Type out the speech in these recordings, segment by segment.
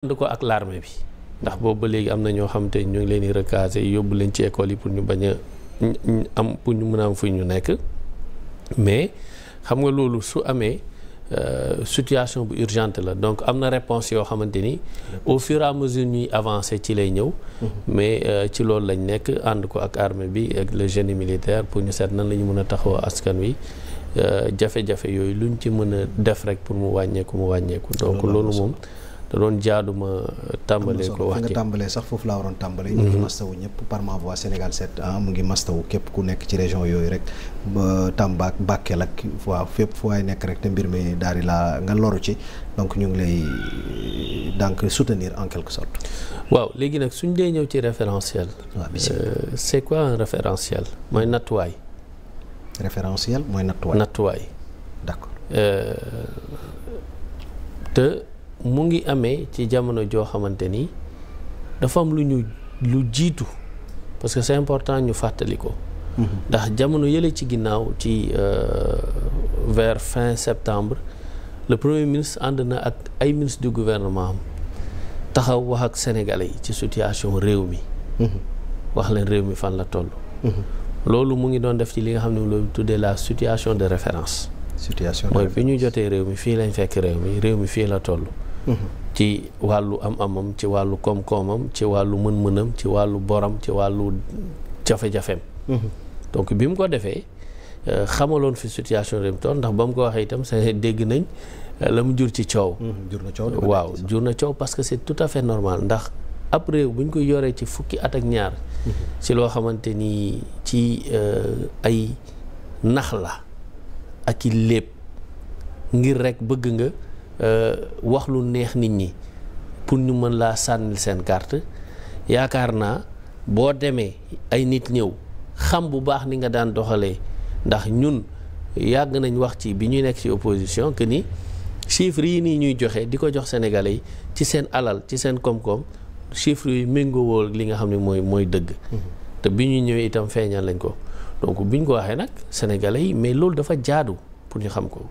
ànd ko ak l'armée bi ndax boobu ba léegi am na ñoo xam te ñu ngi leen di recaser yóbbu leen ci école yi pour ñu bañ am pour ñu mën a am fu ñu nekk mais xam nga loolu su amee euh, situation bu urgente la donc am na réponse yoo xamante ni au fur et à mesure ñuy avancer ci lay ñëw mm-hmm. mais euh, ci loolu lañ nekk ànd ko ak armée bi ak le génie militaire pour ñu seet nan la ñu mën a taxawoo askan wi euh, jafe-jafe yooyu luñ ci mën a def rek pour mu wàññeeku mu wàññeeku donc loolu moom te doon jaadu ma tàmbalee ko wax ci nga tàmbalee sax foofu laa waroon tàmbalee. ñu ngi mhm. mastawu ñëpp par ma voix Sénégal 7 mu ngi mastawu képp ku nekk ci région yooyu rek ba Tamba ak Bakel ak waaw fépp fu waay nekk rek te mbir mi daal di laa nga loru ci donc ñu ngi lay euh, donc soutenir en quelque sorte. waaw léegi nag suñ dee ñëw ci référentiel. waaw euh, c'est quoi un mooy nattuwaay. référentiel mooy nattuwaay nattuwaay. d'accord euh, te. mu ngi amee ci jamono joo xamante ni dafa am lu ñu lu jiitu parce que c'est important ñu fàttali ko. Mm-hmm. ndax jamono yële ci ginnaaw ci euh, vers fin septembre le premier ministre ànd na ak ay ministres du gouvernement am taxaw wax ak sénégalais yi ci situation réew mi. Mm-hmm. wax leen réew mi fan la toll. Mm-hmm. loolu mu ngi doon def ci li nga xam ne loolu tout de la situation de référence. situation mooy bi ñu jotee réew mi fii lañ fekk réew mi réew mi fii la toll. ci wàllu am-amam ci wàllu koom-koomam ci wàllu mën-mënam ci wàllu boram ci wàllu jafe-jafeem. donc bi mu ko defee euh, xamaloon fi situation réew ndax ba mu ko waxee itam sa dégg nañ euh, la mu jur ci coow. Mm-hmm. jur na coow waaw jur na coow parce que c'est tout à fait normal ndax ab réew bu ñu ko yoree ci fukki at ak ñaar. Mm-hmm. ci loo xamante ni ci euh, ay nax la ak i lépp ngir rek bëgg nga. Euh, wax lu neex nit ñi pour ñu mën laa sànnil seen carte yaakaar naa boo demee ay nit ñëw xam bu baax ni nga daan doxalee ndax ñun yàgg nañ wax ci bi ñuy nekk ci opposition que ni chiffres yi nii ñuy joxe di ko jox Sénégalais yi ci seen alal ci seen koom-koom chiffres yi méngoowoo li nga xam ne mooy mooy dëgg. Mm-hmm. te bi ñuy ñëwee itam feeñal lañ ko donc bi ñu ko waxee nag sénégalais yi mais loolu dafa jaadu pour ñu xam ko.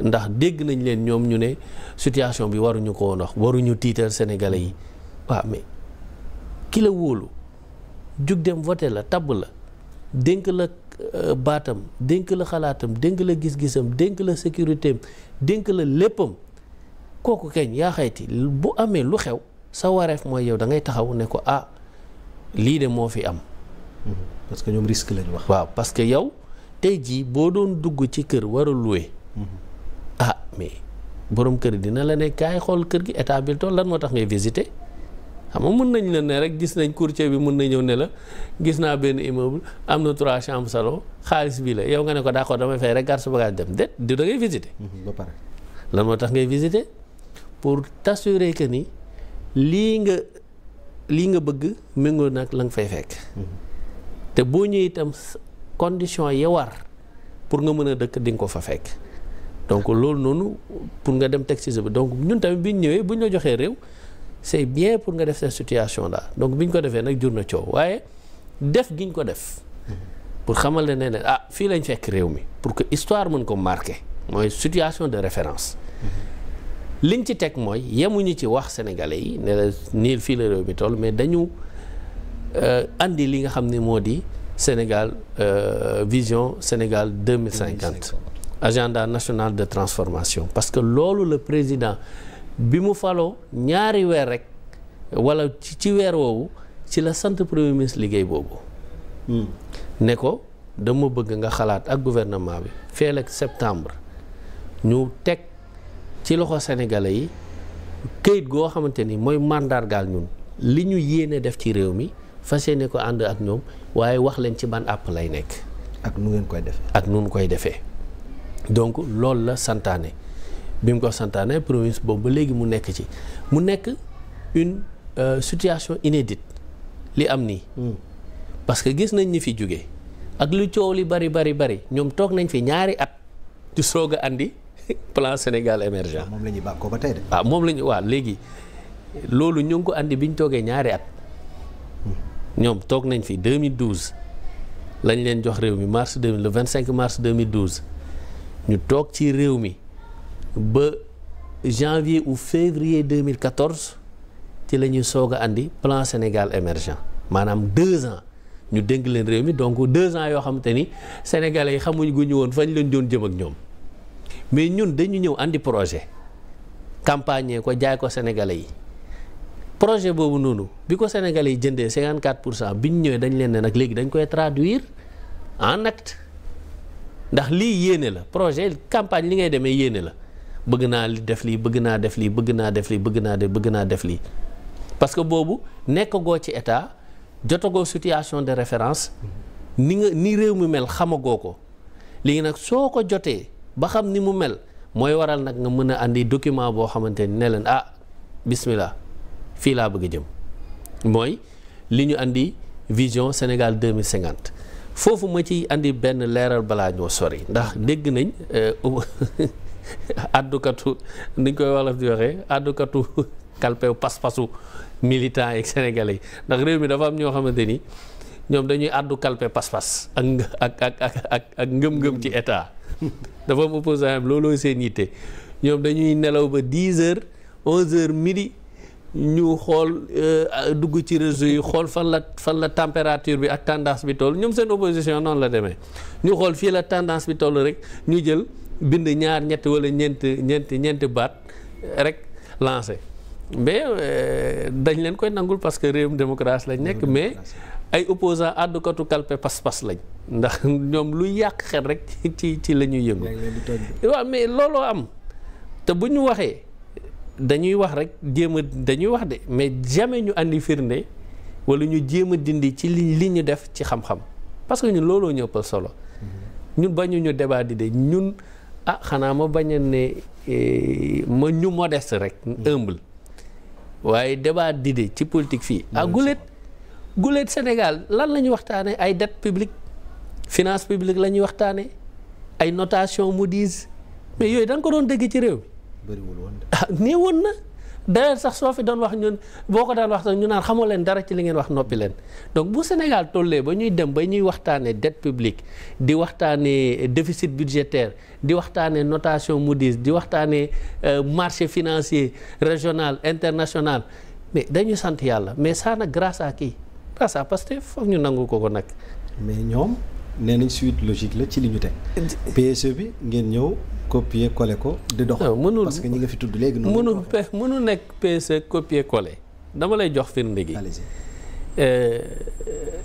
ndax dégg nañ leen ñoom ñu ne situation bi waruñu ko woon wax waruñu tiital sénégalais yi waaw mais ki la wóolu jug dem voté la tabb la dénk la euh, baatam dénk la xalaatam dénk la gis-gisam dénk la sécurité dénk la léppam kooku ken yaa bu amee lu xew sa wareef mooy yow dangay ngay taxaw ne ko ah lii de moo fi am. Mm-hmm. parce que ñoom risque lañ wax. waaw parce que yow tey jii boo doon dugg ci kër war a ah mais boroom kër dina la ne kaay xool kër gi état bi tool lan moo tax ngay visité xam nga mun nañ la ne rek gis nañ courtier bi mën nañ ñëw ne la gis naa benn immeuble am na trois chambres salon xaalis bii la yow nga ne ko d'accord damay fay rek gar sa bagage dem déet da ngay visiter. Mhm, ba pare lan moo tax ngay visiter pour t'assurer que ni lii nga lii nga bëgg méngoo nag la fay fekk. Mhm. te boo ñëwee itam condition yi war pour nga mën a dëkk di nga ko fa fekk. donc loolu noonu pour nga dem teg ci sa donc ñun tamit bi ñu ñëwee bu ñu la joxee réew c'est bien pour nga def cette situation là donc bi ñu ko defee nag jur na coo waaye def gi ñu ko def pour xamal ne ne ah fii lañ fekk réew mi pour que histoire mën ko marqué mooy situation de référence liñ ci teg mooy ñu ci wax sénégalais yi ne la nii fii la réew mi toll mais dañu indi euh, li nga xam ne moo di Sénégal euh, vision Sénégal deux mille cinquante agenda nationale de transformation parce que loolu la président bi mu faloo ñaari weer rek wala ci weer woowu ci la sant premier ministre liggéey boobu hmm. ne ko dama bëgg nga xalaat ak gouvernement bi feel ak septembre ñu teg ci loxo sénégalais yi këyit goo xamante ni mooy mandargaal ñun li ñu yéene def ci réew mi fas yéene ko ànd ak ñoom waaye wax leen ci ban àpp lay nekk ak nu ngeen koy defee ak nu ngeen koy defee donc loolu la santaane bi mu ko santaane premier ministre boobu ba léegi mu nekk ci mu nekk une euh, situation inédite li am nii. Hmm. parce que gis nañ ñi fi jóge ak lu coow li bari bari bari ñoom toog nañ fi ñaari at soog a andi plan Sénégal émergent. moom la ñuy bàkkoo ba tey de. waaw ah, la ñu waaw léegi loolu ñu ngi ko andi bi ñu toogee ñaari at hmm. ñoom toog nañ fi 2012 lañ leen jox réew mi mars 2000 le 25 mars 2012. ñu toog ci réew mi ba janvier ou février 2014 ci la ñuy soog a andi plan Sénégal émergent maanaam deux ans ñu dénk leen réew mi donc deux ans yoo xamante ni sénégalais yi xamuñ gu ñu woon fañ leen doon jëm ak ñoom mais ñun dañu ñëw andi projet campagne ko jaay ko sénégalais yi projet boobu noonu bi ko sénégalais yi jëndee 54 pour cent bi ñu ñëwee dañ leen ne nag léegi dañ koy traduire en act ndax lii yéene la projet campagne li ngay demee yéene la bëgg naa def lii bëgg naa def lii bëgg naa def lii bëgg naa def bëgg naa def lii parce que boobu nekkagoo ci état jotagoo situation de référence ni nga ni réew mi mel xamagoo ko léegi nag soo ko jotee ba xam ni mu mel mooy waral nag nga mën a indi document boo xamante ni ne leen ah bismillah fii laa bëgg jëm mooy li ñu andi vision Sénégal 2050 foofu ma ci indi benn leeral balaa ñoo sori ndax dégg nañ àddukatu euh, niñ koy wolof di waxee àddukatu kalpew pas-pasu militant yeeg sénégalais yi ndax réew mi dafa am ñoo xamante ni ñoom dañuy àddu kalpe pas-pas ak ak ak ak ak ngëm-ngëm ci état dafa am opposant looloo seen yitte ñoom dañuy nelaw ba 10 heures 11 heures ñu xool euh, dugg ci réseau yi xool fan la fan la température bi ak tendance bi toll ñoom seen opposition noonu la demee ñu xool fii la tendance bi toll rek ñu jël bind ñaar ñetti wala ñeent ñeent ñeent baat rek lancé mais euh, dañ leen koy nangul parce que réewum démocratie lañ nekk mais ay opposant àddukatu kalpe pas-pas lañ ndax ñoom lu yàq xel rek ci ci la ñuy yëngu waaw mais looloo am te bu ñu waxee dañuy wax rek jéem a dañuy wax de mais jamais ñu andi firnde wala ñu jéem a dindi ci li li ñu def ci xam-xam parce que ñun looloo ñu ëppal solo mm-hmm. ñun bañu ñu débat di de ñun ah xanaa ma bañ a ne eh, ma ñu modeste rek mm-hmm. humble waaye débat di de ci politique fii ah guléet guléet Sénégal lan la ñuy waxtaane ay dette publique finance publique la ñuy waxtaane ay notation Moody's mais yooyu dañ ko doon dégg ci réew mi bëriwul woon nee ah, woon na d'ailleurs sax soo fi doon wax ñun boo ko daan wax sax ñu naan xamoo leen dara ci li ngeen wax noppi leen donc bu Sénégal tollee ba ñuy dem ba ñuy waxtaanee dette publique di waxtaanee déficit budgétaire di waxtaanee notation Moody's di waxtaanee euh, marché financier régional international mais dañu sant yàlla mais ça nag grâce à kii grâce à foog ñu nangu ko ko nag mais ñoom nee nañ suite logique la ci li ñu teg PSE bi ngeen ñëw copier coller ko di dox mënul parce que ñi nga fi tudd léegi noonu mënul mënul nekk PSE copier coller dama lay jox firnde gi euh,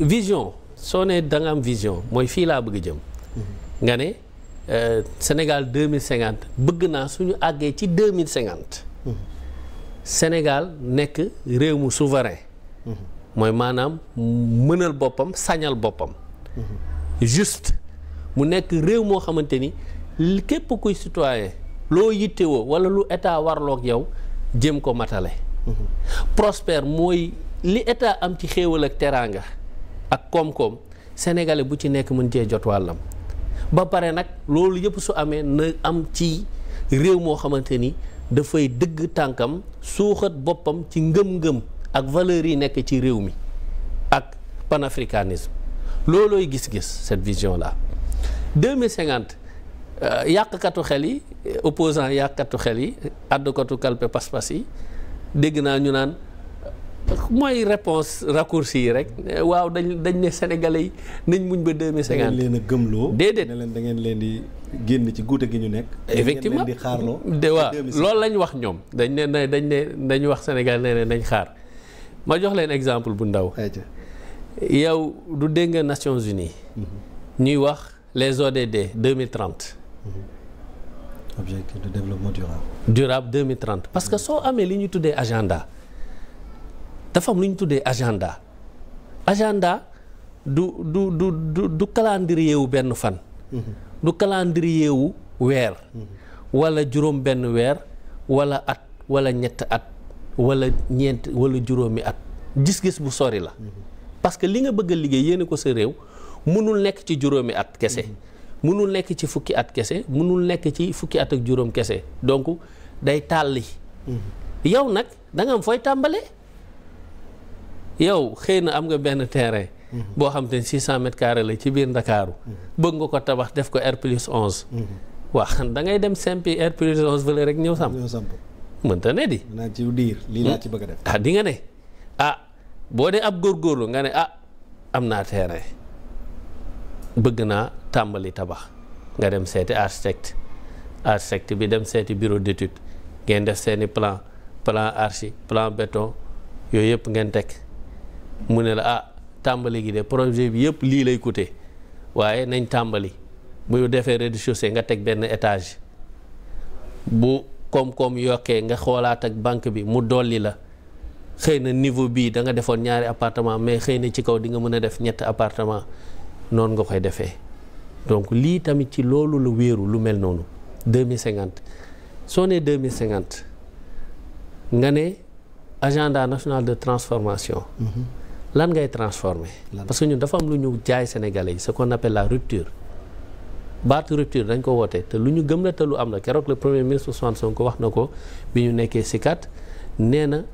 vision soo nee da nga vision mooy fii laa bëgg jëm mhm. nga ne euh, Sénégal 2050 bëgg naa suñu àggee ci 2050 mhm. Sénégal nekk réew mu souverain mhm. mooy maanaam mënal boppam sañal boppam juste mu nekk réew moo xamante ni képp kuy citoyen loo yittewoo wala lu état warloog yow jëm ko matale prospère mooy li état am ci xéewal ak teraanga ak koom-koom sénégalais bu ci nekk mën cee jot wàllam ba pare nag loolu yëpp su amee na am ci réew moo xamante ni dafay dëgg tànkam suuxat boppam ci ngëm-ngëm ak valeurs yi nekk ci réew mi ak panafricanisme loolooy gis-gis cette vision là 2050 yàqkatu xel yi opposant yàqkatu xel yi àddukatu kalpe pas-pas yi dégg naa ñu naan mooy réponse raccourci yi rek waaw dañ dañ ne sénégale yi nañ muñ ba 2050 leen a gëmloo déedéet ne leen da ngeen leen di génn ci guute gi ñu nekk effectivement di xaarloo de waaw loolu lañ wax ñoom dañ ne dañ ne dañ wax sénégal ne ne xaar ma jox leen exemple bu ndaw yow du dégg nga Nations Unies. ñuy wax les ODD 2030. objectif de développement durable. durable 2030 parce que soo amee li ñu tuddee agenda dafa am lu ñu tuddee agenda agenda du du du du du benn fan. du calendrier wu weer. wala juróom benn weer walla at walla ñett at wala ñeent wala juróomi at gis-gis bu sori la. parce que li nga bëgg a liggéey yéene ko sa réew mënul nekk ci juróomi at kese mënul mm-hmm. nekk ci fukki at kese mënul nekk ci fukki at ak juróom kese donc day tàlli mm-hmm. yow nag da am fooy tàmbale yow xëy na am nga benn terrain mm-hmm. boo xam te ne 600 mètres carrés la ci biir Ndakaaru bëgg nga ko tabax def ko R plus 11 waa xam da ngay dem simpi R plus 11 vële rek ñëw samp mënta ne di naa ci diir mm. ci bëgg ah di nga ne ah boo dee ab góor góorgóorlu nga ne ah am naa terrain bëgg naa tàmbali tabax nga dem seeti architecte architecte bi dem seeti bureau d'étude ngeen def seeni plan plan archi plan béton yooyu yëpp ngeen teg mu ne la ah tàmbali gi de projet bi yëpp lii lay coûter waaye nañ tàmbali bu defee rez de nga teg benn étage bu koom-koom yokkee nga xoolaat ak banque bi mu dolli la xëy na niveau bii da nga defoon ñaari appartement mais xëy na ci kaw di nga mën a def ñett appartement noonu nga koy defee donc lii tamit ci loolu la wéeru lu mel noonu 2050 soo nee 2050 nga ne agenda national de transformation. Mm-hmm. lan ngay transformer. parce que ñun dafa am lu ñu jaay sénégalais yi ce qu'on appelle la rupture. baatu rupture dañ ko woote te lu ñu gëm la te lu am la keroog le premier ministre Ousmane Sonko wax na ko bi ñu nekkee CICAD nee na.